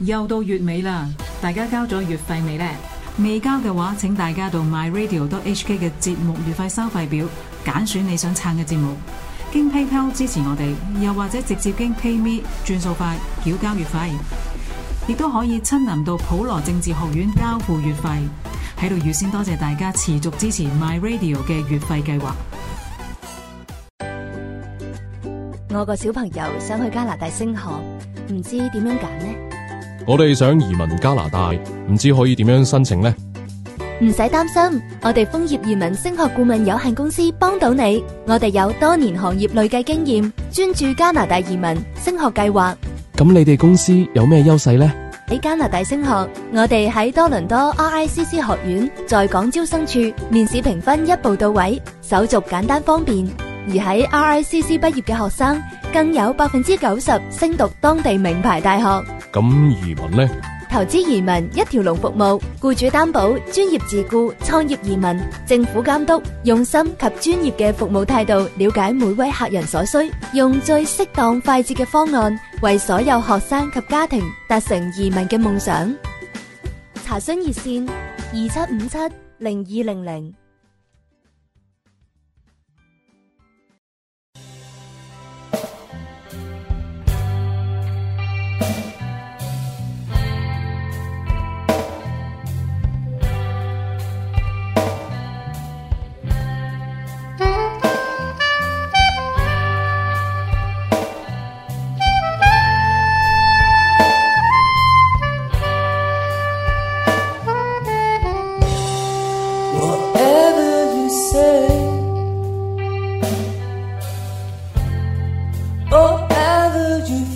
又到月尾啦，大家交咗月費未呢？未交嘅話，請大家到 My Radio.HK 嘅節目月費收費表揀選你想撐嘅節目，經 PayPal 支持我哋，又或者直接經 PayMe 轉數快繳交月費，亦都可以親臨到普羅政治學院交付月費。喺度預先多謝大家持續支持 My Radio 嘅月費計劃。我個小朋友想去加拿大升學，唔知點樣揀呢？我哋想移民加拿大，唔知可以點樣申請呢？唔使擔心，我哋楓葉移民升學顧問有限公司幫到你。我哋有多年行業累計經驗，專注加拿大移民升學計劃。咁你哋公司有咩優勢呢？喺加拿大升學，我哋喺多倫多 RICC 學院在港招生處面試評分一步到位，手續簡單方便。而喺 RICC 畢業嘅學生，更有百分之九十升讀當地名牌大學。咁移民呢？投資移民一條龍服務，僱主擔保、專業自僱、創業移民、政府監督，用心及專業嘅服務態度，了解每位客人所需，用最適當、快捷嘅方案，為所有學生及家庭達成移民嘅夢想。查詢熱線：二七五七零二零零。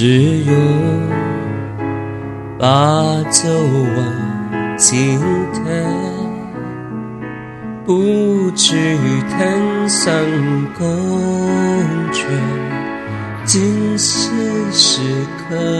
只有把酒問青天，不知天上宮闕，今夕是何？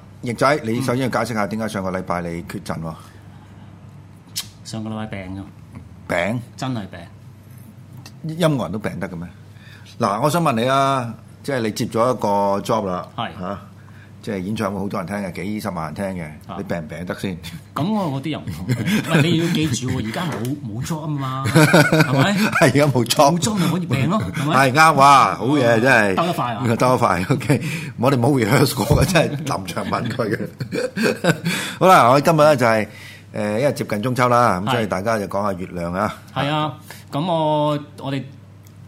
翼仔，你首先要解釋下點解上個禮拜你缺陣喎？上個禮拜病咗？病？真係病。音樂人都病得嘅咩？嗱，我想問你啊，即係你接咗一個 job 啦係，嚇、啊。即係演唱會好多人聽嘅，幾十萬人聽嘅，你病唔病得先？咁我嗰啲人，你要記住，而家冇冇 job 啊嘛，係咪？係而家冇 job，冇 job 咪可以病咯，係啱話，好嘢真係。兜得快啊！兜得快，OK。我哋冇 rehearse 過，真係臨場問佢嘅。好啦，我哋今日咧就係誒，因為接近中秋啦，咁所以大家就講下月亮啊。係啊，咁我我哋。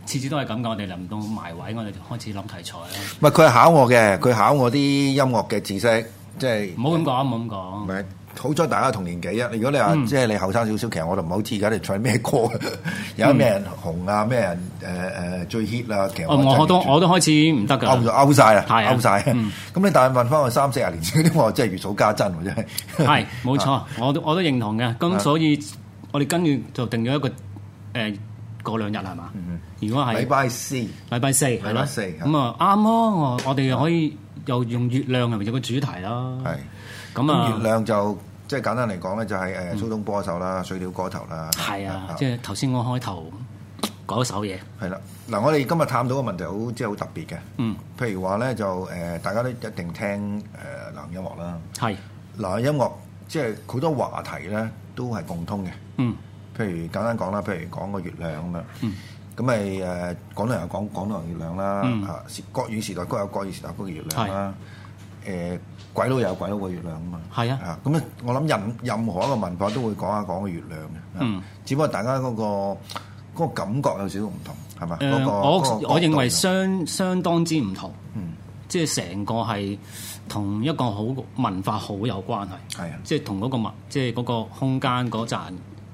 次次都係咁嘅，我哋臨到埋位，我哋就開始諗題材啦。唔係佢係考我嘅，佢考我啲音樂嘅知識，即係唔好咁講，唔好咁講。唔係好彩大家同年紀啊！如果你話即係你後生少少，其實我就唔好知而家你唱咩歌，有咩人紅啊，咩人誒誒最 hit 啊，其實我都我都開始唔得㗎，out 曬啦，係 out 曬啊，咁你但係問翻我三四十年前啲，我真係如數家珍喎，真係係冇錯，我我都認同嘅。咁所以我哋跟住就定咗一個誒。過兩日係嘛？如果係禮拜四，禮拜四係四。咁啊啱咯，我我哋可以又用月亮入面個主題咯。係咁啊，月亮就即係簡單嚟講咧，就係誒蘇東坡首啦，水調歌頭啦。係啊，即係頭先我開頭講一首嘢。係啦，嗱，我哋今日探到個問題好，即係好特別嘅。嗯，譬如話咧，就誒大家都一定聽誒流行音樂啦。係，流行音樂即係好多話題咧，都係共通嘅。嗯。譬如簡單講啦，譬如講個月亮咁樣，咁咪誒廣東人又講廣東人月亮啦嚇。國語時代各有國語時代個月亮啦，誒鬼佬有鬼佬個月亮啊嘛。係啊，咁我諗任任何一個文化都會講下講個月亮嘅，只不過大家嗰個嗰個感覺有少少唔同係嘛？誒，我我認為相相當之唔同，嗯，即係成個係同一個好文化好有關係，係啊，即係同嗰個即係嗰個空間嗰陣，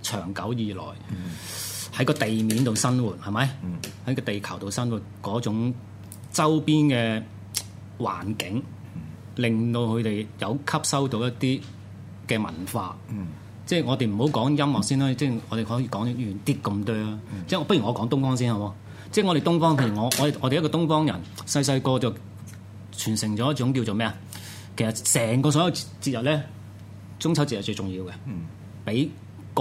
長久以來喺個、嗯、地面度生活係咪？喺個、嗯、地球度生活嗰種周邊嘅環境，嗯、令到佢哋有吸收到一啲嘅文化。嗯、即係我哋唔好講音樂先啦，即係、嗯、我哋可以講遠啲咁多啦。即係、嗯、不如我講東方先好。即係我哋東方，譬如我我我哋一個東方人，細細個就傳承咗一種叫做咩啊？其實成個所有節日咧，中秋節係最重要嘅，俾、嗯。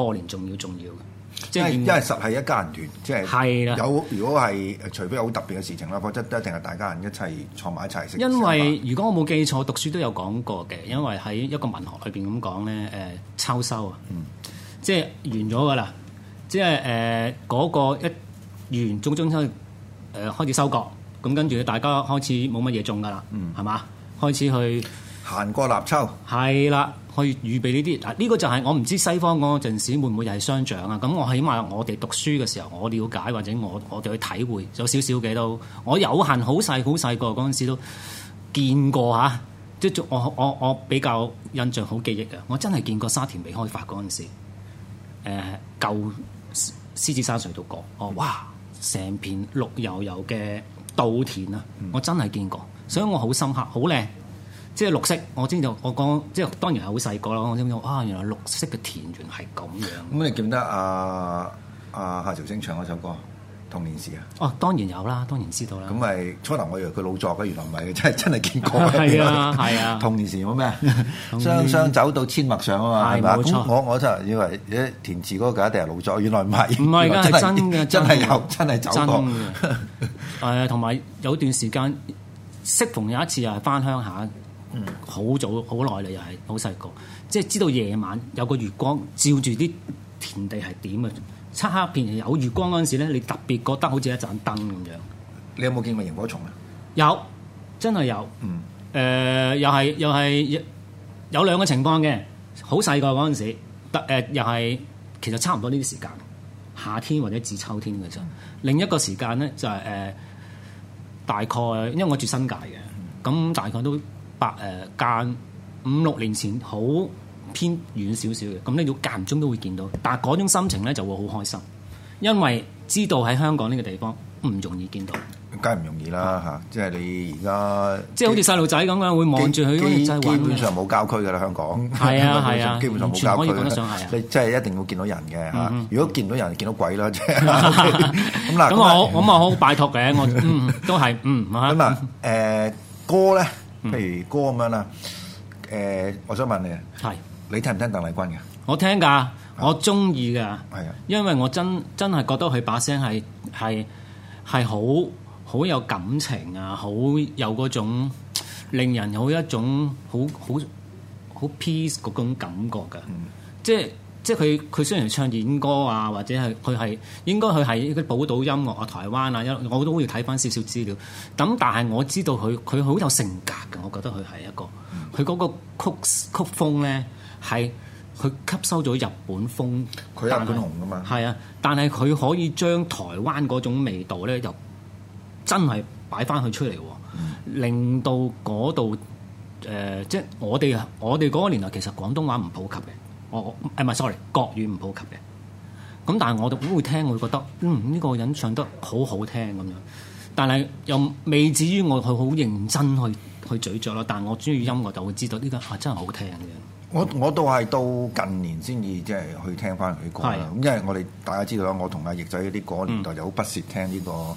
過年仲要重要嘅，即係，因為實係一家人團，即係，係啦的。有如果係，除非好特別嘅事情啦，否則一定係大家人一齊坐埋一齊食。吃吃因為如果我冇記錯，讀書都有講過嘅，因為喺一個文學裏邊咁講咧，誒，秋收啊、嗯，即係完咗噶啦，即係誒，嗰、那個一完，完中中秋，誒、呃，開始收割，咁跟住大家開始冇乜嘢種噶啦，嗯，係嘛，開始去。行過立秋，係啦，可以預備呢啲。呢、呢個就係我唔知西方嗰陣時會唔會又係相長啊？咁我起碼我哋讀書嘅時候，我了解或者我我哋去體會有少少嘅都，我有限好細好細個嗰陣時都見過嚇，即係我我我比較印象好記憶啊！我真係見過沙田未開發嗰陣時，誒舊獅子山隧道過，哦哇，成片綠油油嘅稻田啊！我真係見過，所以我好深刻，好靚。即係綠色，我之前就我講，即係當然係好細個啦。我先講啊，原來綠色嘅田園係咁樣。咁你記唔得啊？啊，夏韶聲唱嗰首歌《童年時》啊？哦，當然有啦，當然知道啦。咁咪初頭我以為佢老作嘅，原來唔係，真係真係見過。係啊，係啊，《童年時》有咩？雙雙走到阡陌上啊嘛。係，冇錯。我我真係以為啲填詞歌一定係老作，原來唔係。唔係，而家係真嘅，真係有，真係走過。誒，同埋有段時間，適逢有一次啊，翻鄉下。好早好耐啦，又係好細個，即係知道夜晚有個月光照住啲田地係點啊？漆黑片有月光嗰陣時咧，你特別覺得好似一盞燈咁樣。你有冇見過螢火蟲啊？有，真係有。嗯。誒、呃，又係又係有兩個情況嘅。好細個嗰陣時候，特、呃、又係其實差唔多呢啲時間，夏天或者至秋天嘅啫。嗯、另一個時間咧就係、是、誒、呃，大概因為我住新界嘅，咁大概都。百誒間五六年前好偏遠少少嘅，咁你要間中都會見到，但係嗰種心情咧就會好開心，因為知道喺香港呢個地方唔容易見到，梗係唔容易啦嚇！即係你而家即係好似細路仔咁樣，會望住佢，基本上冇郊區㗎啦，香港係啊係啊，基本上冇郊區，可以講得上係啊！你真係一定要見到人嘅嚇，如果見到人，見到鬼啦！咁嗱，咁我好，咁我好拜託嘅，我都係嗯咁啊誒哥咧。譬如歌咁樣啦，誒、嗯呃，我想問你啊，係你聽唔聽鄧麗君嘅？我聽㗎，我鍾意㗎，係啊，因為我真真係覺得佢把聲係係係好好有感情啊，好有嗰種令人有一種好好好 peace 嗰種感覺㗎，嗯、即係。即係佢，佢雖然唱演歌啊，或者係佢係應該佢係啲寶島音樂啊、台灣啊，一我都要睇翻少少資料。咁但係我知道佢，佢好有性格㗎。我覺得佢係一個，佢嗰、嗯、個曲曲風咧係佢吸收咗日本風，佢日本紅噶嘛，係啊。但係佢可以將台灣嗰種味道咧，又真係擺翻佢出嚟，嗯、令到嗰度誒，即係我哋啊，我哋嗰個年代其實廣東話唔普及嘅。我誒唔係，sorry，國語唔普及嘅。咁但係我都會聽，我會覺得嗯呢、這個呢人唱得好好聽咁樣。但係又未至於我佢好認真去去咀嚼咯。但我中意音樂就會知道呢、呢個係、啊、真係好聽嘅。我我到係到近年先至即係去聽翻佢歌啦。咁是因為我哋大家知道啦，我同阿翼仔啲嗰年代就好不屑聽呢、呢個。嗯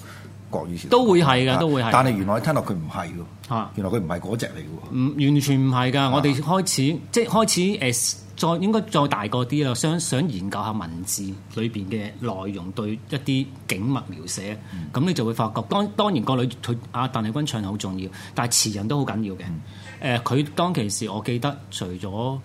都會係嘅，都會係。但係原來的聽落佢唔係喎，的原來佢唔係嗰隻嚟喎。唔完全唔係㗎，的我哋開始的即係開始誒，再應該再大個啲啦，想想研究下文字裏邊嘅內容，對一啲景物描寫，咁、嗯、你就會發覺，當當然個女，佢阿鄧麗君唱係好重要，但係詞人都好緊要嘅。嗯誒佢、呃、當其時，我記得除咗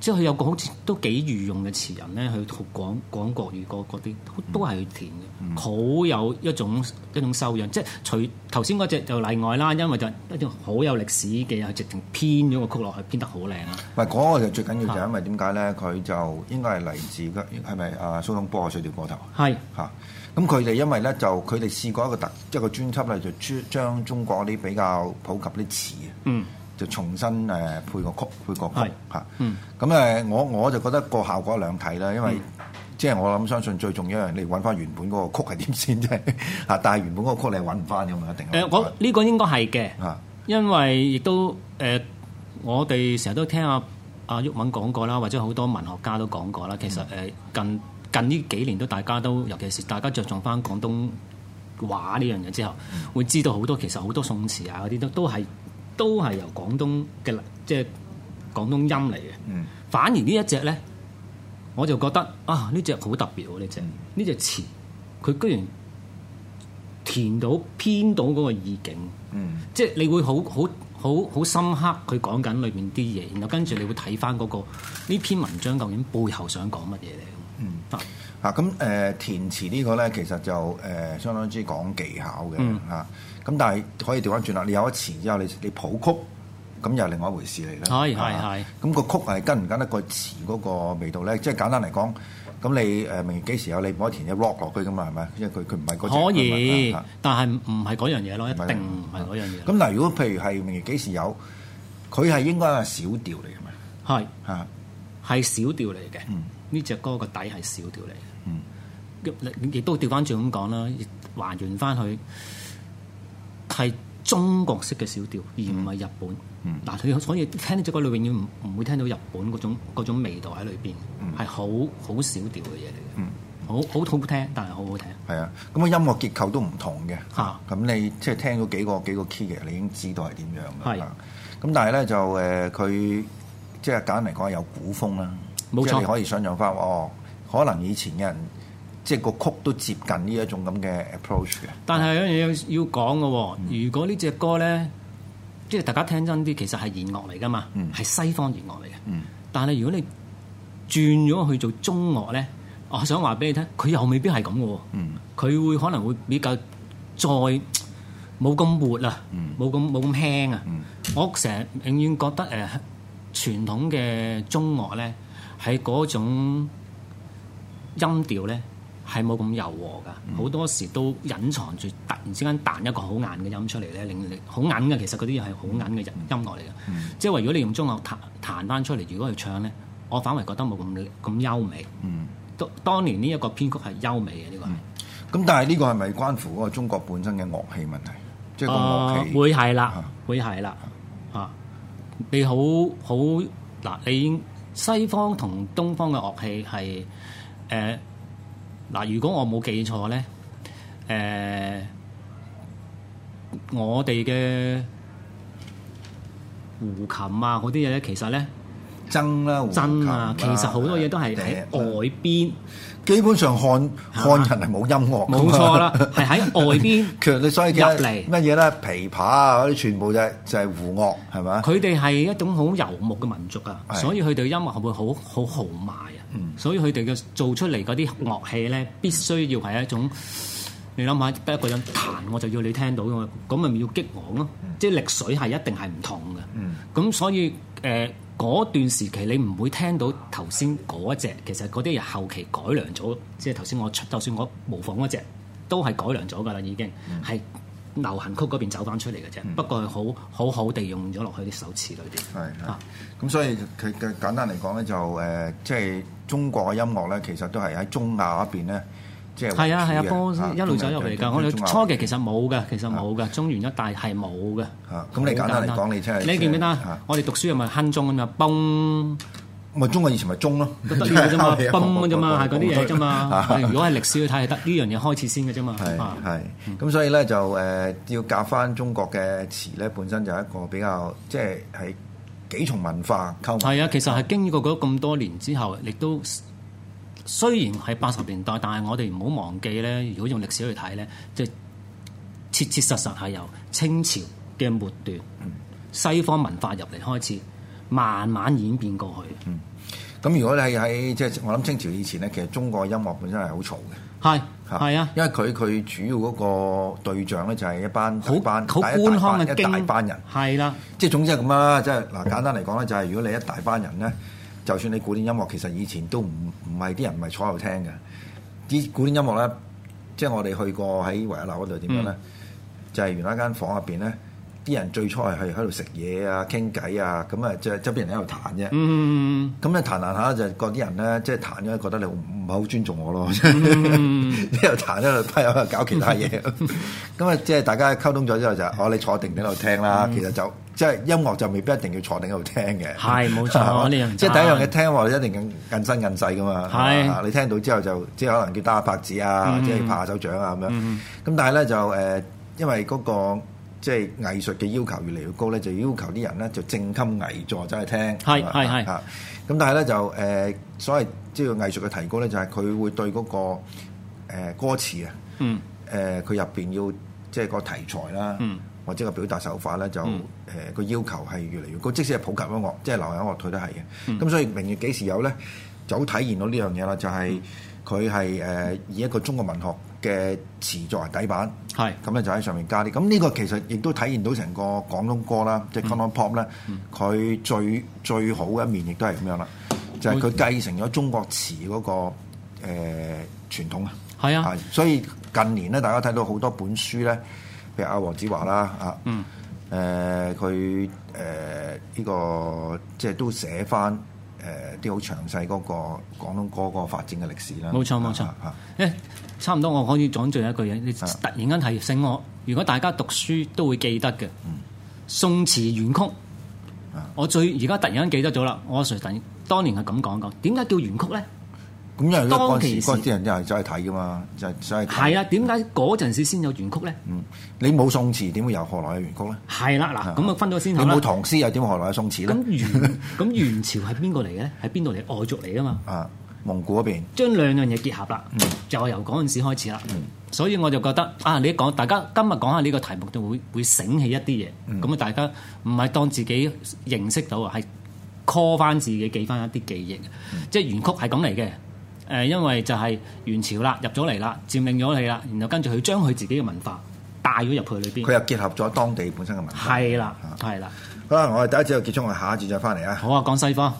即係有個好似都幾御用嘅詞人咧，去講講國語嗰啲都都係佢填嘅，好、嗯、有一種一種修養。即、就、係、是、除頭先嗰隻就例外啦，因為就一定好有歷史嘅，係直情編咗個曲落去，編得好靚啦。唔係嗰個就最緊要就係因為點解咧？佢的就應該係嚟自嘅係咪啊？蘇東坡水調歌頭係嚇，咁佢哋因為咧就佢哋試過一個特一個專輯咧，就將中國啲比較普及啲詞嗯。就重新誒配個曲，配個曲嚇。咁誒、嗯嗯，我我就覺得個效果兩睇啦，因為是即係我諗，相信最重要一樣，你揾翻原本嗰個曲係點先啫嚇。但係原本嗰個曲你係揾唔翻嘅嘛，一定。誒、呃，我呢、呢個應該係嘅，的因為亦都誒、呃，我哋成日都聽阿阿毓民講過啦，或者好多文學家都講過啦。其實誒、呃，近近呢幾年都大家都，尤其是大家着重翻廣東話呢樣嘢之後，會知道好多其實好多宋詞啊嗰啲都都係。都係由廣東嘅，即係廣東音嚟嘅，嗯、反而呢一隻呢，我就覺得啊，呢隻好特別喎，呢隻呢隻詞，佢、嗯、居然填到編到嗰個意境，嗯、即係你會好好好好深刻佢講緊裏面啲嘢，然後跟住你會睇返嗰個呢篇文章究竟背後想講乜嘢嚟。嗯啊啊，咁填詞呢個咧，其實就相當之講技巧嘅嚇。咁但係可以調翻轉啦，你有咗詞之後，你你譜曲，咁又另外一回事嚟啦。係係係。咁個曲係跟唔跟得個詞嗰個味道咧？即係簡單嚟講，咁你誒《明月幾時有》你唔可以填 Rock 落落去㗎嘛？係咪？因為佢佢唔係嗰隻。可以，但係唔係嗰樣嘢咯，一定唔係嗰樣嘢。咁嗱，如果譬如係《明月幾時有》，佢係應該係小調嚟嘅嘛？係係小調嚟嘅。呢隻歌個底係小調嚟。嗯，亦亦都調翻轉咁講啦，還原翻去係中國式嘅小調，而唔係日本。嗯，嗱、嗯，佢所以聽呢隻歌，你永遠唔唔會聽到日本嗰種嗰種味道喺裏邊，係好好小調嘅嘢嚟嘅。嗯，好好好聽，但係好好聽。係啊，咁嘅音樂結構都唔同嘅。咁、啊、你即係、就是、聽咗幾個幾個 key 嘅，你已經知道係點樣嘅。咁是、啊、但係咧就佢、呃、即係簡單嚟講，有古風啦。冇錯，你可以想像翻哦。可能以前嘅人即係個曲都接近呢一種咁嘅 approach 嘅。但係有嘢要講嘅喎。哦嗯、如果呢隻歌咧，即係大家聽真啲，其實係弦樂嚟噶嘛，係、嗯、西方弦樂嚟嘅。嗯、但係如果你轉咗去做中樂咧，我想話俾你聽，佢又未必係咁嘅。佢、嗯、會可能會比較再冇咁活啊，冇咁冇咁輕啊。嗯、我成日永遠覺得誒、呃、傳統嘅中樂咧，係嗰種。音調咧係冇咁柔和噶，好、嗯、多時都隱藏住，突然之間彈一個好硬嘅音出嚟咧，令你好硬嘅。其實嗰啲嘢係好硬嘅音音樂嚟嘅。嗯嗯、即係如果你用中樂彈彈翻出嚟，如果去唱咧，我反而覺得冇咁咁優美。嗯。當年呢一個編曲係優美嘅呢個係。嗯。咁、嗯、但係呢個係咪關乎嗰個中國本身嘅樂器問題？即係、個樂器？會係啦，會係啦。嚇、啊啊。你好好嗱，你西方同東方嘅樂器係。誒嗱、呃，如果我冇記錯咧，誒、呃、我哋嘅胡琴啊嗰啲嘢咧，其實咧～爭啦、啊，啊、其實好多嘢都係喺外邊、嗯嗯。基本上漢漢人係冇音樂的。冇錯啦，係喺外邊。你 所以入嚟乜嘢咧？琵琶啊，啲全部就係、是、就係、是、胡樂，係咪佢哋係一種好遊牧嘅民族啊，的所以佢哋音樂係會好好豪邁啊。嗯、所以佢哋嘅做出嚟嗰啲樂器咧，必須要係一種你諗下，得一個人彈我就要你聽到嘅，咁咪要激昂咯、啊。嗯、即係力水係一定係唔同嘅。咁、嗯、所以誒。呃嗰段時期，你唔會聽到頭先嗰隻，其實嗰啲又後期改良咗，即係頭先我出，就算我模仿嗰隻，都係改良咗㗎啦，已經係流行曲嗰邊走翻出嚟嘅啫。嗯、不過係好好好地用咗落去啲手詞裏邊。係係。咁、啊、所以佢佢簡單嚟講咧，就誒即係中國嘅音樂咧，其實都係喺中亞嗰邊咧。係啊係啊，波斯一路走入嚟㗎。我哋初期其實冇嘅，其實冇嘅。中原一帶係冇嘅。咁你簡單嚟講，你真係你記唔記得？我哋讀書係咪亨中咁啊？崩，咪中國以前咪中咯，都得嘅啫嘛，崩嘅啫嘛，係嗰啲嘢啫嘛。如果係歷史去睇，係得呢樣嘢開始先嘅啫嘛。係咁所以咧就誒要夾翻中國嘅詞咧，本身就係一個比較即係係幾重文化溝通。係啊，其實係經過咗咁多年之後，亦都。雖然係八十年代，但係我哋唔好忘記咧。如果用歷史去睇咧，即係切切實實係由清朝嘅末段，嗯、西方文化入嚟開始，慢慢演變過去。嗯，咁如果你係喺即係我諗清朝以前咧，其實中國音樂本身係好嘈嘅。係係啊，吧啊因為佢佢主要嗰個對象咧就係一班好班好官腔嘅一大班人係啦。即係、啊、總之係咁啦，即係嗱簡單嚟講咧，就係如果你一大班人咧。就算你古典音樂，其實以前都唔唔係啲人唔係坐喺度聽嘅。啲古典音樂咧，即係我哋去過喺維也納嗰度點樣咧，就係原來一間房入邊咧，啲人最初係喺度食嘢啊、傾偈啊，咁啊，即係側邊人喺度彈啫。咁咧彈彈下就講啲人咧，即係彈咗覺得你唔係好尊重我咯。嗯、 你又彈咧，又趴喺度搞其他嘢。咁啊，即係大家溝通咗之後就係，哦、啊，你坐定定喺度聽啦。嗯、其實就。即係音樂就未必一定要坐定喺度聽嘅，係冇錯。嗯、即係第一樣嘢聽話你一定郁身郁勢噶嘛，係是你聽到之後就即係可能叫打下拍子啊，或者拍下手掌啊咁、嗯、樣。咁、嗯、但係咧就誒、呃，因為嗰、那個即係、就是、藝術嘅要求越嚟越高咧，就要求啲人咧就正襟危坐走去聽，係係係。咁吧但係咧就誒、呃，所謂即係藝術嘅提高咧，就係、是、佢會對嗰、那個、呃、歌詞啊，嗯，誒佢入邊要即係、就是、個題材啦，嗯。或者個表達手法咧就誒個、嗯呃、要求係越嚟越高。即使係普及音樂，即係流行樂壇都係嘅。咁、嗯、所以明月幾時有咧，就好體現到呢樣嘢啦，就係佢係誒以一個中國文學嘅詞作為底板，係咁咧就喺上面加啲。咁呢個其實亦都體現到成個廣東歌啦，即係 Cantopop 咧、嗯，佢最最好嘅一面亦都係咁樣啦，就係、是、佢繼承咗中國詞嗰、那個誒、呃、傳統啊。係啊，所以近年咧，大家睇到好多本書咧。譬如阿黃子華啦、呃呃那個啊，啊，誒佢誒呢個即係都寫翻誒啲好詳細嗰個廣東歌嗰個發展嘅歷史啦。冇錯冇錯，誒差唔多我可以講最後一句嘢，你突然間提醒我，如果大家讀書都會記得嘅，宋詞元曲，我最而家突然間記得咗啦。我阿 sir、啊、當年係咁講過，點解叫元曲咧？咁因為嗰陣時嗰啲人又走去睇㗎嘛，就走去睇。係啊，點解嗰陣時先有原曲咧？嗯，你冇宋詞，點會有何來嘅原曲咧？係啦，嗱，咁啊分咗先你冇唐詩又點何來嘅宋詞咧？咁元咁元朝係邊個嚟嘅咧？係邊度嚟？外族嚟㗎嘛。啊，蒙古嗰邊。將兩樣嘢結合啦，就由嗰陣時開始啦。所以我就覺得啊，你講大家今日講下呢個題目，就會會醒起一啲嘢。咁啊，大家唔係當自己認識到啊，係 call 返自己記返一啲記憶。即係原曲係咁嚟嘅。誒，因為就係元朝啦，入咗嚟啦，佔領咗你啦，然後跟住佢將佢自己嘅文化帶咗入去裏邊。佢又結合咗當地本身嘅文化。係啦，係啦，啊。好啦，我哋第一節就結束，我哋下一節再翻嚟啊。好啊，講西方。